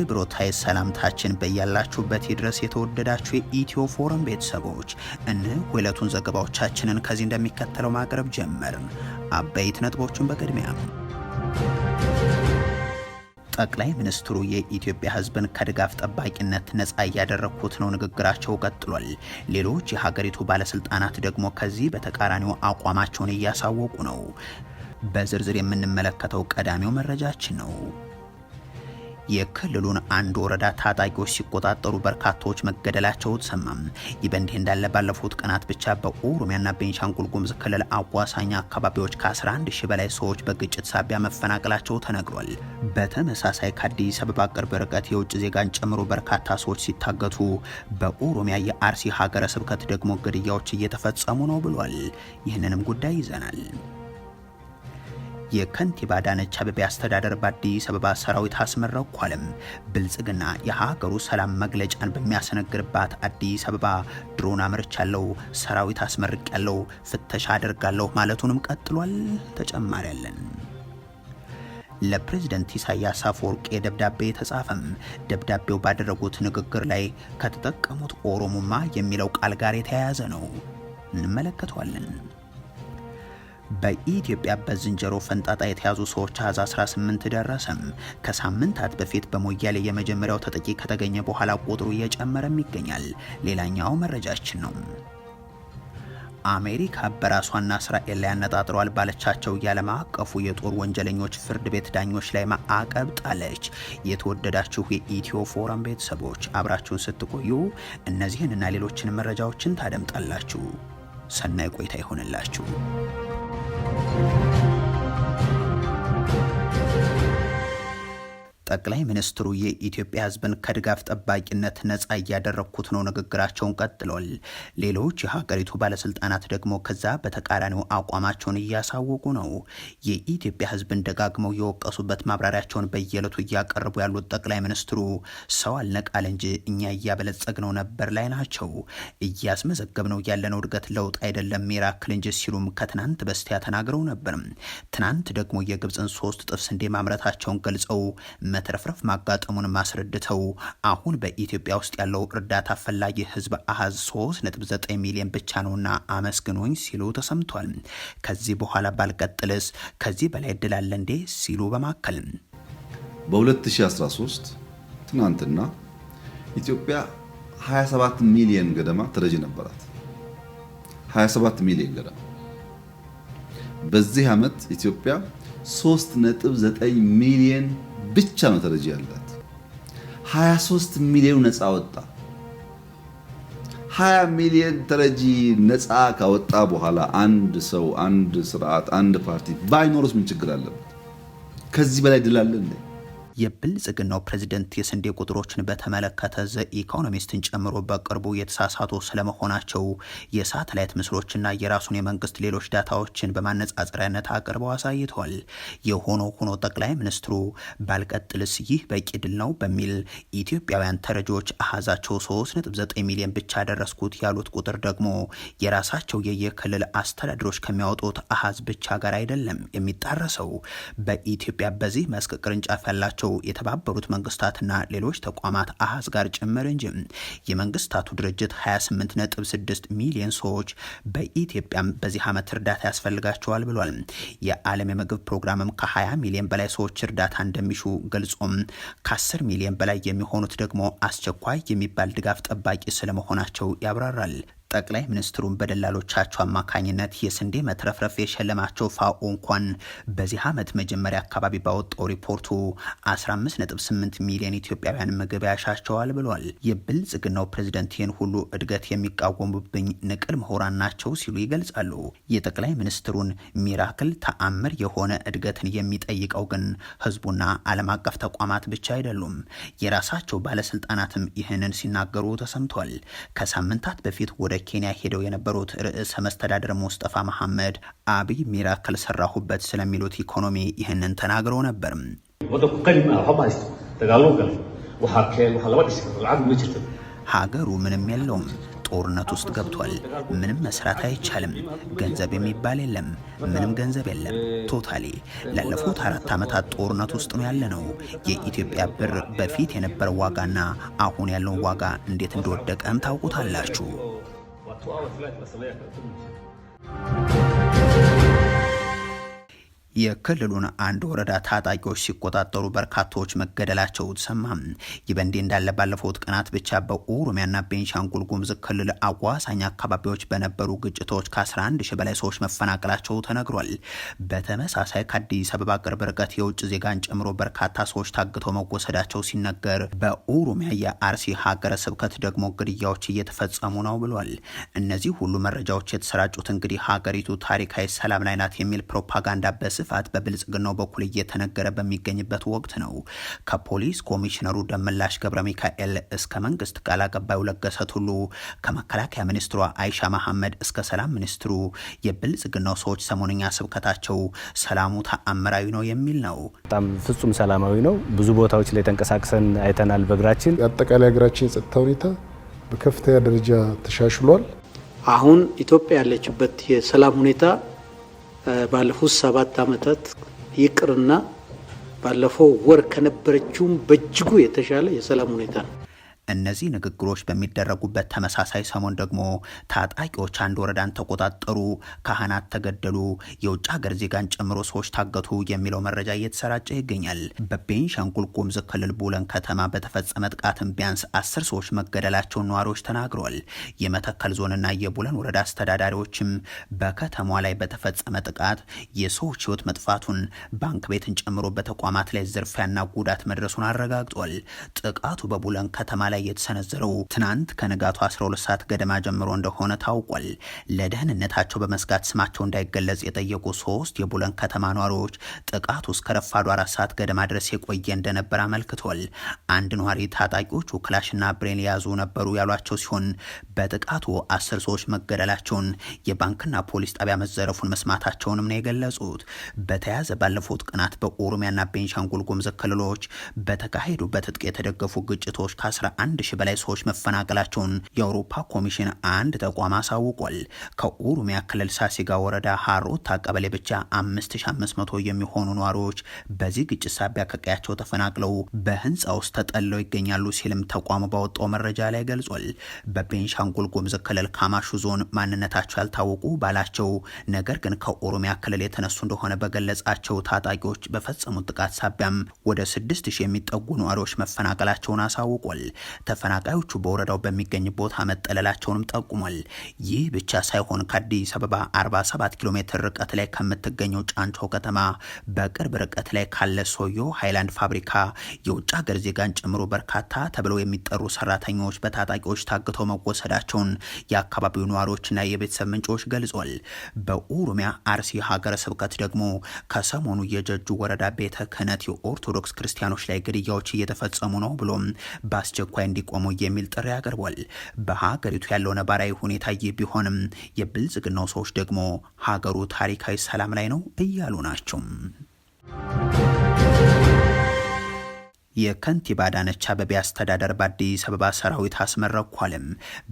ክብሮታይ ሰላምታችን በያላችሁበት ድረስ የተወደዳችሁ የኢትዮ ፎረም ቤተሰቦች እነ ሁለቱን ዘገባዎቻችንን ከዚህ እንደሚከተለው ማቅረብ ጀመርን። አበይት ነጥቦቹን በቅድሚያ ጠቅላይ ሚኒስትሩ የኢትዮጵያ ሕዝብን ከድጋፍ ጠባቂነት ነፃ እያደረግኩት ነው ንግግራቸው ቀጥሏል። ሌሎች የሀገሪቱ ባለስልጣናት ደግሞ ከዚህ በተቃራኒው አቋማቸውን እያሳወቁ ነው። በዝርዝር የምንመለከተው ቀዳሚው መረጃችን ነው። የክልሉን አንድ ወረዳ ታጣቂዎች ሲቆጣጠሩ በርካታዎች መገደላቸው ተሰማም። ይህ በእንዲህ እንዳለ ባለፉት ቀናት ብቻ በኦሮሚያና ቤንሻንጉል ጉምዝ ክልል አዋሳኝ አካባቢዎች ከ11 ሺህ በላይ ሰዎች በግጭት ሳቢያ መፈናቀላቸው ተነግሯል። በተመሳሳይ ከአዲስ አበባ ቅርብ ርቀት የውጭ ዜጋን ጨምሮ በርካታ ሰዎች ሲታገቱ፣ በኦሮሚያ የአርሲ ሀገረ ስብከት ደግሞ ግድያዎች እየተፈጸሙ ነው ብሏል። ይህንንም ጉዳይ ይዘናል። የከንቲባ አዳነች አቤቤ አስተዳደር በአዲስ አበባ ሰራዊት አስመረኳልም። ብልጽግና የሀገሩ ሰላም መግለጫን በሚያስነግርባት አዲስ አበባ ድሮን አምርቻለሁ፣ ሰራዊት አስመርቄያለሁ፣ ፍተሻ አደርጋለሁ ማለቱንም ቀጥሏል። ተጨማሪ አለን። ለፕሬዝደንት ኢሳያስ አፈወርቄ ደብዳቤ ተጻፈም። ደብዳቤው ባደረጉት ንግግር ላይ ከተጠቀሙት ኦሮሞማ የሚለው ቃል ጋር የተያያዘ ነው። እንመለከተዋለን። በኢትዮጵያ በዝንጀሮ ፈንጣጣ የተያዙ ሰዎች አሃዝ 18 ደረሰም። ከሳምንታት በፊት በሞያሌ የመጀመሪያው ተጠቂ ከተገኘ በኋላ ቁጥሩ እየጨመረም ይገኛል። ሌላኛው መረጃችን ነው። አሜሪካ በራሷና እስራኤል ላይ አነጣጥሯል ባለቻቸው የዓለም አቀፉ የጦር ወንጀለኞች ፍርድ ቤት ዳኞች ላይ ማዕቀብ ጣለች። የተወደዳችሁ የኢትዮ ፎረም ቤተሰቦች አብራችሁን ስትቆዩ እነዚህንና ሌሎችን መረጃዎችን ታደምጣላችሁ። ሰናይ ቆይታ ይሆንላችሁ። ጠቅላይ ሚኒስትሩ የኢትዮጵያ ህዝብን ከድጋፍ ጠባቂነት ነጻ እያደረግኩት ነው ንግግራቸውን ቀጥሏል። ሌሎች የሀገሪቱ ባለስልጣናት ደግሞ ከዛ በተቃራኒው አቋማቸውን እያሳወቁ ነው። የኢትዮጵያ ህዝብን ደጋግመው የወቀሱበት ማብራሪያቸውን በየዕለቱ እያቀረቡ ያሉት ጠቅላይ ሚኒስትሩ ሰው አልነቃል እንጂ እኛ እያበለጸግነው ነበር ላይ ናቸው። እያስመዘገብነው ያለነው እድገት ለውጥ አይደለም ሚራክል እንጂ ሲሉም ከትናንት በስቲያ ተናግረው ነበር። ትናንት ደግሞ የግብፅን ሶስት ጥፍ ስንዴ ማምረታቸውን ገልጸው መትረፍረፍ ማጋጠሙን ማስረድተው አሁን በኢትዮጵያ ውስጥ ያለው እርዳታ ፈላጊ ህዝብ አሃዝ 3.9 ሚሊዮን ብቻ ነውና አመስግኖኝ ሲሉ ተሰምቷል። ከዚህ በኋላ ባልቀጥልስ ከዚህ በላይ እድል አለ እንዴ ሲሉ በማከል በ2013 ትናንትና ኢትዮጵያ 27 ሚሊዮን ገደማ ተረጂ ነበራት። 27 ሚሊዮን ገደማ። በዚህ ዓመት ኢትዮጵያ 3.9 ሚሊዮን ብቻ ነው ተረጂ ያላት። 23 ሚሊዮን ነፃ ወጣ። 20 ሚሊዮን ተረጂ ነፃ ካወጣ በኋላ አንድ ሰው አንድ ስርዓት አንድ ፓርቲ ባይኖርስ ምን ችግር አለበት? ከዚህ በላይ ድላለን የብልጽግናው ፕሬዚደንት የስንዴ ቁጥሮችን በተመለከተ ዘ ኢኮኖሚስትን ጨምሮ በቅርቡ የተሳሳቱ ስለመሆናቸው የሳተላይት ምስሎችና የራሱን የመንግስት ሌሎች ዳታዎችን በማነጻጸሪያነት አቅርበው አሳይተዋል። የሆኖ ሆኖ ጠቅላይ ሚኒስትሩ ባልቀጥልስ ይህ በቂ ድል ነው በሚል ኢትዮጵያውያን ተረጂዎች አሃዛቸው 3.9 ሚሊዮን ብቻ ደረስኩት ያሉት ቁጥር ደግሞ የራሳቸው የየክልል አስተዳደሮች ከሚያወጡት አሃዝ ብቻ ጋር አይደለም የሚጣረሰው። በኢትዮጵያ በዚህ መስክ ቅርንጫፍ ያላቸው ካላቸው የተባበሩት መንግስታትና ሌሎች ተቋማት አሃዝ ጋር ጭምር እንጂ የመንግስታቱ ድርጅት 28.6 ሚሊዮን ሰዎች በኢትዮጵያም በዚህ ዓመት እርዳታ ያስፈልጋቸዋል ብሏል። የዓለም የምግብ ፕሮግራምም ከ20 ሚሊዮን በላይ ሰዎች እርዳታ እንደሚሹ ገልጾም ከ10 ሚሊዮን በላይ የሚሆኑት ደግሞ አስቸኳይ የሚባል ድጋፍ ጠባቂ ስለመሆናቸው ያብራራል። ጠቅላይ ሚኒስትሩን በደላሎቻቸው አማካኝነት የስንዴ መትረፍረፍ የሸለማቸው ፋኦ እንኳን በዚህ ዓመት መጀመሪያ አካባቢ ባወጣው ሪፖርቱ 158 ሚሊዮን ኢትዮጵያውያን ምግብ ያሻቸዋል ብሏል። የብልጽግናው ፕሬዝደንት ይህን ሁሉ እድገት የሚቃወሙብኝ ንቅል ምሁራን ናቸው ሲሉ ይገልጻሉ። የጠቅላይ ሚኒስትሩን ሚራክል ተአምር የሆነ እድገትን የሚጠይቀው ግን ህዝቡና ዓለም አቀፍ ተቋማት ብቻ አይደሉም። የራሳቸው ባለስልጣናትም ይህንን ሲናገሩ ተሰምቷል። ከሳምንታት በፊት ወደ ኬንያ ሄደው የነበሩት ርዕሰ መስተዳድር ሙስጠፋ መሐመድ አብይ ሚራክል ሰራሁበት ስለሚሉት ኢኮኖሚ ይህንን ተናግረው ነበር። ሀገሩ ምንም የለውም። ጦርነት ውስጥ ገብቷል። ምንም መስራት አይቻልም። ገንዘብ የሚባል የለም። ምንም ገንዘብ የለም። ቶታሊ ላለፉት አራት ዓመታት ጦርነት ውስጥ ነው ያለ ነው። የኢትዮጵያ ብር በፊት የነበረ ዋጋና አሁን ያለውን ዋጋ እንዴት እንደወደቀም ታውቁታላችሁ። Qual atleta da seleção? የክልሉን አንድ ወረዳ ታጣቂዎች ሲቆጣጠሩ በርካታዎች መገደላቸው ተሰማ። ይህ በእንዲህ እንዳለ ባለፉት ቀናት ብቻ በኦሮሚያና ቤንሻንጉል ጉምዝ ክልል አዋሳኝ አካባቢዎች በነበሩ ግጭቶች ከ11 ሺ በላይ ሰዎች መፈናቀላቸው ተነግሯል። በተመሳሳይ ከአዲስ አበባ ቅርብ ርቀት የውጭ ዜጋን ጨምሮ በርካታ ሰዎች ታግተው መወሰዳቸው ሲነገር፣ በኦሮሚያ የአርሲ ሀገረ ስብከት ደግሞ ግድያዎች እየተፈጸሙ ነው ብሏል። እነዚህ ሁሉ መረጃዎች የተሰራጩት እንግዲህ ሀገሪቱ ታሪካዊ ሰላም ላይ ናት የሚል ፕሮፓጋንዳ በስፍ በስፋት በብልጽግናው በኩል እየተነገረ በሚገኝበት ወቅት ነው። ከፖሊስ ኮሚሽነሩ ደመላሽ ገብረ ሚካኤል እስከ መንግስት ቃል አቀባዩ ለገሰ ቱሉ፣ ከመከላከያ ሚኒስትሯ አይሻ መሐመድ እስከ ሰላም ሚኒስትሩ የብልጽግናው ሰዎች ሰሞንኛ ስብከታቸው ሰላሙ ተአምራዊ ነው የሚል ነው። በጣም ፍጹም ሰላማዊ ነው። ብዙ ቦታዎች ላይ ተንቀሳቅሰን አይተናል በእግራችን። አጠቃላይ ሀገራችን የጸጥታ ሁኔታ በከፍተኛ ደረጃ ተሻሽሏል። አሁን ኢትዮጵያ ያለችበት የሰላም ሁኔታ ባለፉት ሰባት ዓመታት ይቅርና ባለፈው ወር ከነበረችውም በእጅጉ የተሻለ የሰላም ሁኔታ ነው እነዚህ ንግግሮች በሚደረጉበት ተመሳሳይ ሰሞን ደግሞ ታጣቂዎች አንድ ወረዳን ተቆጣጠሩ፣ ካህናት ተገደሉ፣ የውጭ ሀገር ዜጋን ጨምሮ ሰዎች ታገቱ የሚለው መረጃ እየተሰራጨ ይገኛል። በቤንሻንጉል ጉሙዝ ክልል ቡለን ከተማ በተፈጸመ ጥቃትም ቢያንስ አስር ሰዎች መገደላቸውን ነዋሪዎች ተናግረዋል። የመተከል ዞንና የቡለን ወረዳ አስተዳዳሪዎችም በከተማ ላይ በተፈጸመ ጥቃት የሰዎች ህይወት መጥፋቱን ባንክ ቤትን ጨምሮ በተቋማት ላይ ዝርፊያና ጉዳት መድረሱን አረጋግጧል። ጥቃቱ በቡለን ከተማ ላይ ላይ የተሰነዘረው ትናንት ከንጋቱ 12 ሰዓት ገደማ ጀምሮ እንደሆነ ታውቋል። ለደህንነታቸው በመስጋት ስማቸው እንዳይገለጽ የጠየቁ ሶስት የቡለን ከተማ ነዋሪዎች ጥቃቱ እስከ ረፋዱ አራት ሰዓት ገደማ ድረስ የቆየ እንደነበር አመልክቷል። አንድ ነዋሪ ታጣቂዎቹ ክላሽና ብሬን የያዙ ነበሩ ያሏቸው ሲሆን በጥቃቱ አስር ሰዎች መገደላቸውን የባንክና ፖሊስ ጣቢያ መዘረፉን መስማታቸውንም ነው የገለጹት። በተያያዘ ባለፉት ቀናት በኦሮሚያና ቤንሻንጉል ጉሙዝ ክልሎች በተካሄዱ በትጥቅ የተደገፉ ግጭቶች ከ11 ከአንድ ሺህ በላይ ሰዎች መፈናቀላቸውን የአውሮፓ ኮሚሽን አንድ ተቋም አሳውቋል። ከኦሮሚያ ክልል ሳሲጋ ወረዳ ሀሮታ ቀበሌ ብቻ 5500 የሚሆኑ ነዋሪዎች በዚህ ግጭት ሳቢያ ከቀያቸው ተፈናቅለው በህንፃ ውስጥ ተጠለው ይገኛሉ ሲልም ተቋሙ ባወጣው መረጃ ላይ ገልጿል። በቤንሻንጉል ጉሙዝ ክልል ካማሹ ዞን ማንነታቸው ያልታወቁ ባላቸው ነገር ግን ከኦሮሚያ ክልል የተነሱ እንደሆነ በገለጻቸው ታጣቂዎች በፈጸሙት ጥቃት ሳቢያም ወደ ስድስት ሺህ የሚጠጉ ነዋሪዎች መፈናቀላቸውን አሳውቋል። ተፈናቃዮቹ በወረዳው በሚገኝ ቦታ መጠለላቸውንም ጠቁሟል። ይህ ብቻ ሳይሆን ከአዲስ አበባ 47 ኪሎ ሜትር ርቀት ላይ ከምትገኘው ጫንቾ ከተማ በቅርብ ርቀት ላይ ካለ ሶዮ ሃይላንድ ፋብሪካ የውጭ ሀገር ዜጋን ጨምሮ በርካታ ተብለው የሚጠሩ ሰራተኞች በታጣቂዎች ታግተው መወሰዳቸውን የአካባቢው ነዋሪዎችና የቤተሰብ ምንጮች ገልጿል። በኦሮሚያ አርሲ ሀገረ ስብከት ደግሞ ከሰሞኑ የጀጁ ወረዳ ቤተ ክህነት የኦርቶዶክስ ክርስቲያኖች ላይ ግድያዎች እየተፈጸሙ ነው ብሎም በአስቸኳይ በአስቸኳይ እንዲቆሙ የሚል ጥሪ አቅርቧል። በሀገሪቱ ያለው ነባራዊ ሁኔታ ይህ ቢሆንም የብልጽግናው ሰዎች ደግሞ ሀገሩ ታሪካዊ ሰላም ላይ ነው እያሉ ናቸው። የከንቲባ አዳነች አቤቤ አስተዳደር በአዲስ አበባ ሰራዊት አስመረኳልም።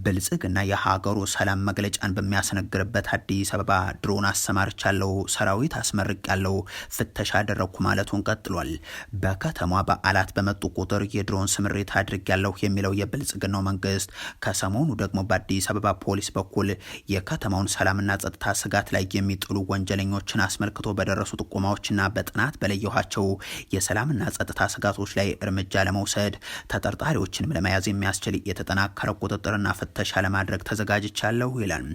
ብልጽግና የሀገሩ ሰላም መግለጫን በሚያስነግርበት አዲስ አበባ ድሮን አሰማርቻለሁ፣ ሰራዊት አስመርቂያለሁ፣ ፍተሻ አደረግኩ ማለቱን ቀጥሏል። በከተማ በዓላት በመጡ ቁጥር የድሮን ስምሪት አድርጊያለሁ የሚለው የብልጽግናው መንግስት ከሰሞኑ ደግሞ በአዲስ አበባ ፖሊስ በኩል የከተማውን ሰላምና ጸጥታ ስጋት ላይ የሚጥሉ ወንጀለኞችን አስመልክቶ በደረሱ ጥቆማዎችና በጥናት በለየኋቸው የሰላምና ጸጥታ ስጋቶች ላይ እርምጃ ለመውሰድ ተጠርጣሪዎችንም ለመያዝ የሚያስችል የተጠናከረ ቁጥጥርና ፍተሻ ለማድረግ ተዘጋጅቻለሁ ይላል።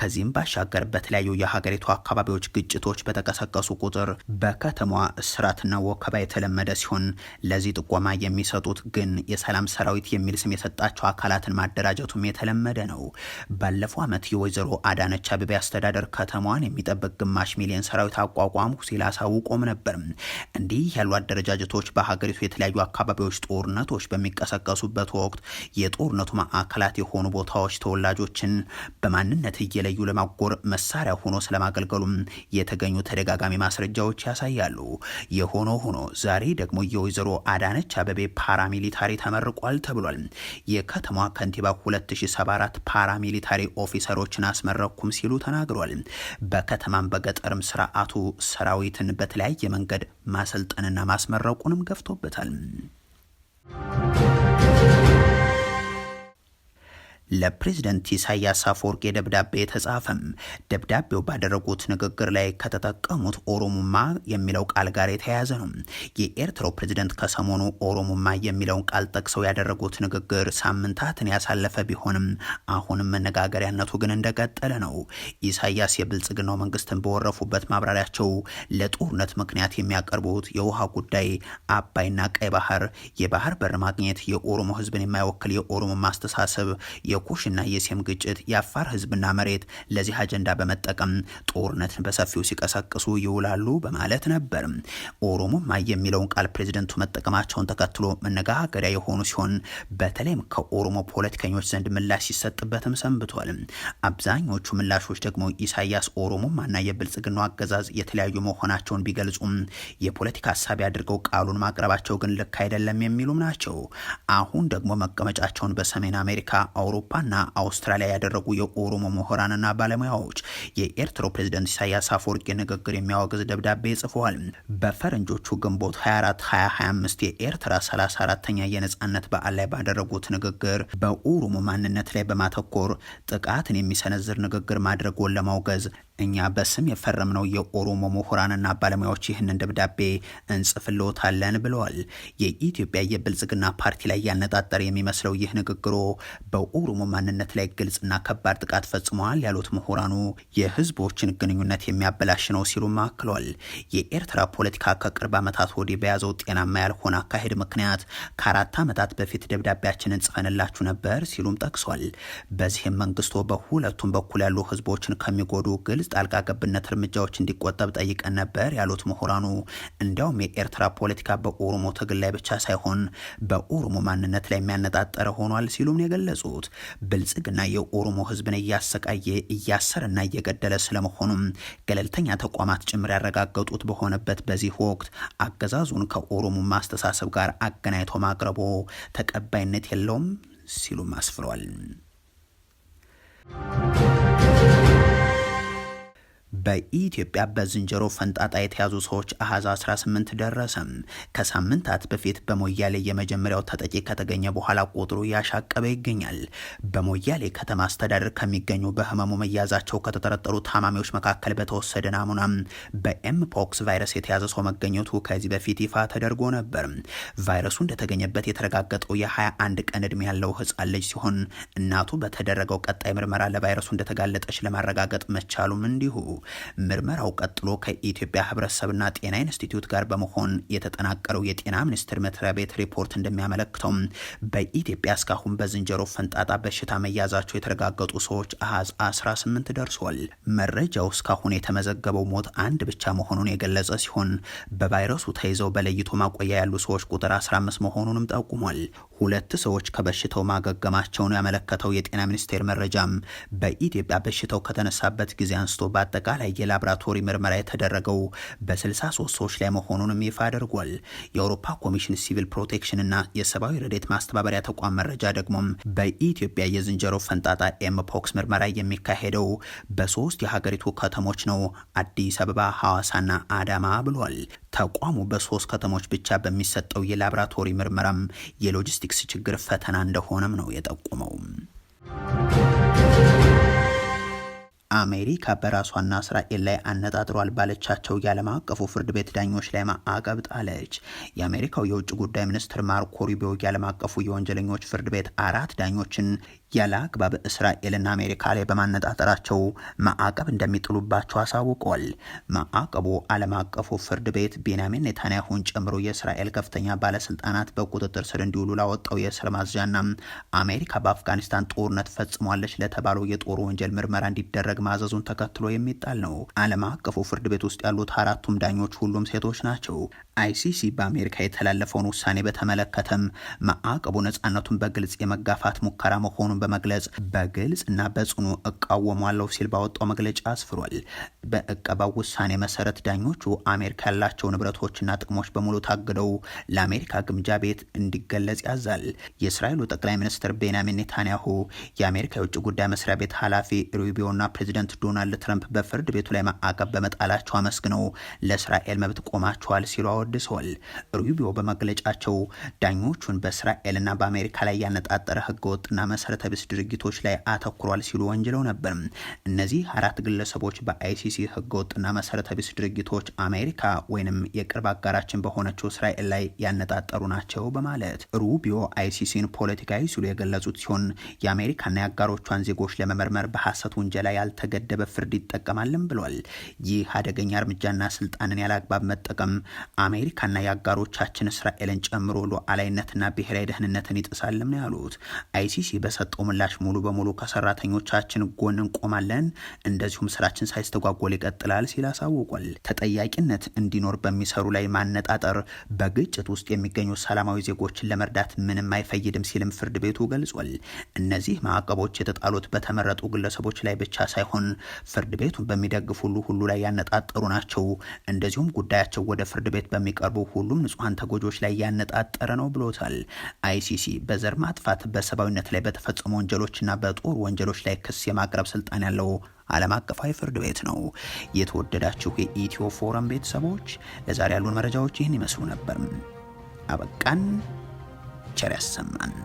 ከዚህም ባሻገር በተለያዩ የሀገሪቱ አካባቢዎች ግጭቶች በተቀሰቀሱ ቁጥር በከተማዋ እስራትና ወከባ የተለመደ ሲሆን ለዚህ ጥቆማ የሚሰጡት ግን የሰላም ሰራዊት የሚል ስም የሰጣቸው አካላትን ማደራጀቱም የተለመደ ነው። ባለፈው ዓመት የወይዘሮ አዳነች አቤቤ አስተዳደር ከተማዋን የሚጠብቅ ግማሽ ሚሊዮን ሰራዊት አቋቋምኩ ሲል አሳውቆም ነበር። እንዲህ ያሉ አደረጃጀቶች በሀገሪቱ የተለያዩ አካባቢዎች ጦርነቶች በሚቀሰቀሱበት ወቅት የጦርነቱ ማዕከላት የሆኑ ቦታዎች ተወላጆችን በማንነት እየለዩ ለማጎር መሳሪያ ሆኖ ስለማገልገሉም የተገኙ ተደጋጋሚ ማስረጃዎች ያሳያሉ። የሆኖ ሆኖ ዛሬ ደግሞ የወይዘሮ አዳነች አበቤ ፓራሚሊታሪ ተመርቋል ተብሏል። የከተማዋ ከንቲባ 2074 ፓራሚሊታሪ ኦፊሰሮችን አስመረኩም ሲሉ ተናግሯል። በከተማም በገጠርም ስርዓቱ ሰራዊትን በተለያየ መንገድ ማሰልጠንና ማስመረቁንም ገፍቶበታል። ለፕሬዝደንት ኢሳያስ አፈወርቄ ደብዳቤ ተጻፈም። ደብዳቤው ባደረጉት ንግግር ላይ ከተጠቀሙት ኦሮሞማ የሚለው ቃል ጋር የተያያዘ ነው። የኤርትራው ፕሬዝደንት ከሰሞኑ ኦሮሞማ የሚለውን ቃል ጠቅሰው ያደረጉት ንግግር ሳምንታትን ያሳለፈ ቢሆንም አሁንም መነጋገሪያነቱ ግን እንደቀጠለ ነው። ኢሳያስ የብልጽግናው መንግስትን በወረፉበት ማብራሪያቸው ለጦርነት ምክንያት የሚያቀርቡት የውሃ ጉዳይ፣ አባይና ቀይ ባህር፣ የባህር በር ማግኘት፣ የኦሮሞ ህዝብን የማይወክል የኦሮሞ ማስተሳሰብ የኩሽና የሴም ግጭት የአፋር ህዝብና መሬት ለዚህ አጀንዳ በመጠቀም ጦርነትን በሰፊው ሲቀሰቅሱ ይውላሉ በማለት ነበር። ኦሮሞማ የሚለውን ቃል ፕሬዚደንቱ መጠቀማቸውን ተከትሎ መነጋገሪያ የሆኑ ሲሆን በተለይም ከኦሮሞ ፖለቲከኞች ዘንድ ምላሽ ሲሰጥበትም ሰንብቷል። አብዛኞቹ ምላሾች ደግሞ ኢሳያስ ኦሮሞማና የብልጽግናው አገዛዝ የተለያዩ መሆናቸውን ቢገልጹም የፖለቲካ ሀሳቢ አድርገው ቃሉን ማቅረባቸው ግን ልክ አይደለም የሚሉም ናቸው። አሁን ደግሞ መቀመጫቸውን በሰሜን አሜሪካ፣ አውሮ አውሮፓና አውስትራሊያ ያደረጉ የኦሮሞ ምሁራንና ባለሙያዎች የኤርትራው ፕሬዝደንት ኢሳያስ አፈወርቂ ንግግር የሚያወግዝ ደብዳቤ ጽፈዋል። በፈረንጆቹ ግንቦት 24 2025 የኤርትራ 34ተኛ የነጻነት በዓል ላይ ባደረጉት ንግግር በኦሮሞ ማንነት ላይ በማተኮር ጥቃትን የሚሰነዝር ንግግር ማድረጉን ለማውገዝ እኛ በስም የፈረምነው የኦሮሞ ምሁራንና ባለሙያዎች ይህንን ደብዳቤ እንጽፍልዎታለን ብለዋል። የኢትዮጵያ የብልጽግና ፓርቲ ላይ ያነጣጠረ የሚመስለው ይህ ንግግሮ በኦሮሞ ማንነት ላይ ግልጽና ከባድ ጥቃት ፈጽመዋል ያሉት ምሁራኑ የህዝቦችን ግንኙነት የሚያበላሽ ነው ሲሉ አክለዋል። የኤርትራ ፖለቲካ ከቅርብ ዓመታት ወዲህ በያዘው ጤናማ ያልሆነ አካሄድ ምክንያት ከአራት ዓመታት በፊት ደብዳቤያችንን ጽፈንላችሁ ነበር ሲሉም ጠቅሷል። በዚህም መንግስቶ በሁለቱም በኩል ያሉ ህዝቦችን ከሚጎዱ ግልጽ መንግስት ጣልቃ ገብነት እርምጃዎች እንዲቆጠብ ጠይቀን ነበር ያሉት ምሁራኑ እንዲያውም የኤርትራ ፖለቲካ በኦሮሞ ትግል ላይ ብቻ ሳይሆን በኦሮሞ ማንነት ላይ የሚያነጣጠረ ሆኗል ሲሉም የገለጹት ብልጽግና የኦሮሞ ህዝብን እያሰቃየ እያሰረና እየገደለ ስለመሆኑም ገለልተኛ ተቋማት ጭምር ያረጋገጡት በሆነበት በዚህ ወቅት አገዛዙን ከኦሮሞ ማስተሳሰብ ጋር አገናኝቶ ማቅረቦ ተቀባይነት የለውም ሲሉም አስፍሯል። በኢትዮጵያ በዝንጀሮ ፈንጣጣ የተያዙ ሰዎች አሃዝ 18 ደረሰም። ከሳምንታት በፊት በሞያሌ የመጀመሪያው ተጠቂ ከተገኘ በኋላ ቁጥሩ ያሻቀበ ይገኛል። በሞያሌ ከተማ አስተዳደር ከሚገኙ በህመሙ መያዛቸው ከተጠረጠሩ ታማሚዎች መካከል በተወሰደ ናሙና በኤምፖክስ ቫይረስ የተያዘ ሰው መገኘቱ ከዚህ በፊት ይፋ ተደርጎ ነበር። ቫይረሱ እንደተገኘበት የተረጋገጠው የ21 ቀን ዕድሜ ያለው ህፃን ልጅ ሲሆን እናቱ በተደረገው ቀጣይ ምርመራ ለቫይረሱ እንደተጋለጠች ለማረጋገጥ መቻሉም እንዲሁ ምርመራው ቀጥሎ ከኢትዮጵያ ሕብረተሰብና ጤና ኢንስቲትዩት ጋር በመሆን የተጠናቀረው የጤና ሚኒስቴር መስሪያ ቤት ሪፖርት እንደሚያመለክተው በኢትዮጵያ እስካሁን በዝንጀሮ ፈንጣጣ በሽታ መያዛቸው የተረጋገጡ ሰዎች አሃዝ 18 ደርሷል። መረጃው እስካሁን የተመዘገበው ሞት አንድ ብቻ መሆኑን የገለጸ ሲሆን በቫይረሱ ተይዘው በለይቶ ማቆያ ያሉ ሰዎች ቁጥር 15 መሆኑንም ጠቁሟል። ሁለት ሰዎች ከበሽታው ማገገማቸውን ያመለከተው የጤና ሚኒስቴር መረጃም በኢትዮጵያ በሽታው ከተነሳበት ጊዜ አንስቶ በአጠቃላይ የላብራቶሪ ምርመራ የተደረገው በ63 ሰዎች ላይ መሆኑንም ይፋ አድርጓል። የአውሮፓ ኮሚሽን ሲቪል ፕሮቴክሽን እና የሰብአዊ ረዴት ማስተባበሪያ ተቋም መረጃ ደግሞም በኢትዮጵያ የዝንጀሮ ፈንጣጣ ኤምፖክስ ምርመራ የሚካሄደው በሶስት የሀገሪቱ ከተሞች ነው፣ አዲስ አበባ፣ ሐዋሳና አዳማ ብሏል። ተቋሙ በሶስት ከተሞች ብቻ በሚሰጠው የላብራቶሪ ምርመራም የሎጂስቲክስ ችግር ፈተና እንደሆነም ነው የጠቁመው። አሜሪካ በራሷና እስራኤል ላይ አነጣጥሯል ባለቻቸው የዓለም አቀፉ ፍርድ ቤት ዳኞች ላይ ማዕቀብ ጣለች። የአሜሪካው የውጭ ጉዳይ ሚኒስትር ማርኮ ሩቢዮ የዓለም አቀፉ የወንጀለኞች ፍርድ ቤት አራት ዳኞችን ያለ አግባብ እስራኤልና አሜሪካ ላይ በማነጣጠራቸው ማዕቀብ እንደሚጥሉባቸው አሳውቋል። ማዕቀቡ ዓለም አቀፉ ፍርድ ቤት ቤንያሚን ኔታንያሁን ጨምሮ የእስራኤል ከፍተኛ ባለስልጣናት በቁጥጥር ስር እንዲውሉ ላወጣው የእስር ማዝዣና አሜሪካ በአፍጋኒስታን ጦርነት ፈጽሟለች ለተባለው የጦር ወንጀል ምርመራ እንዲደረግ ማዘዙን ተከትሎ የሚጣል ነው። ዓለም አቀፉ ፍርድ ቤት ውስጥ ያሉት አራቱም ዳኞች ሁሉም ሴቶች ናቸው። አይሲሲ በአሜሪካ የተላለፈውን ውሳኔ በተመለከተም ማዕቀቡ ነጻነቱን በግልጽ የመጋፋት ሙከራ መሆኑን በመግለጽ በግልጽ እና በጽኑ እቃወሟለሁ ሲል ባወጣው መግለጫ አስፍሯል። በእቀባው ውሳኔ መሰረት ዳኞቹ አሜሪካ ያላቸው ንብረቶችና ጥቅሞች በሙሉ ታግደው ለአሜሪካ ግምጃ ቤት እንዲገለጽ ያዛል። የእስራኤሉ ጠቅላይ ሚኒስትር ቤንያሚን ኔታንያሁ፣ የአሜሪካ የውጭ ጉዳይ መስሪያ ቤት ኃላፊ ሩቢዮና ፕሬዚደንት ዶናልድ ትራምፕ በፍርድ ቤቱ ላይ ማዕቀብ በመጣላቸው አመስግነው ለእስራኤል መብት ቆማቸዋል ሲሉ አወድሰዋል። ሩቢዮ በመግለጫቸው ዳኞቹን በእስራኤልና በአሜሪካ ላይ ያነጣጠረ ህገወጥና መሰረተ ቢስ ድርጊቶች ላይ አተኩሯል ሲሉ ወንጅለው ነበር። እነዚህ አራት ግለሰቦች በአይሲሲ ህገወጥና መሰረተ ቢስ ድርጊቶች አሜሪካ ወይንም የቅርብ አጋራችን በሆነችው እስራኤል ላይ ያነጣጠሩ ናቸው በማለት ሩቢዮ አይሲሲን ፖለቲካዊ ሲሉ የገለጹት ሲሆን የአሜሪካና የአጋሮቿን ዜጎች ለመመርመር በሐሰት ውንጀላ ያልተገደበ ፍርድ ይጠቀማልን ብሏል። ይህ አደገኛ እርምጃና ስልጣንን ያለአግባብ መጠቀም አሜሪካና የአጋሮቻችን እስራኤልን ጨምሮ ሉዓላዊነትና ብሔራዊ ደህንነትን ይጥሳልም ነው ያሉት። አይሲሲ በሰጠው ምላሽ ሙሉ በሙሉ ከሰራተኞቻችን ጎን እንቆማለን፣ እንደዚሁም ስራችን ሳይስተጓጎል ይቀጥላል ሲል አሳውቋል። ተጠያቂነት እንዲኖር በሚሰሩ ላይ ማነጣጠር በግጭት ውስጥ የሚገኙ ሰላማዊ ዜጎችን ለመርዳት ምንም አይፈይድም ሲልም ፍርድ ቤቱ ገልጿል። እነዚህ ማዕቀቦች የተጣሉት በተመረጡ ግለሰቦች ላይ ብቻ ሳይሆን ፍርድ ቤቱን በሚደግፉ ሁሉ ሁሉ ላይ ያነጣጠሩ ናቸው። እንደዚሁም ጉዳያቸው ወደ ፍርድ ቤት በሚ የሚቀርቡ ሁሉም ንጹሐን ተጎጆች ላይ ያነጣጠረ ነው ብሎታል። አይሲሲ በዘር ማጥፋት በሰብአዊነት ላይ በተፈጸሙ ወንጀሎችና በጦር ወንጀሎች ላይ ክስ የማቅረብ ስልጣን ያለው ዓለም አቀፋዊ ፍርድ ቤት ነው። የተወደዳችሁ የኢትዮ ፎረም ቤተሰቦች ለዛሬ ያሉን መረጃዎች ይህን ይመስሉ ነበር። አበቃን። ቸር ያሰማን።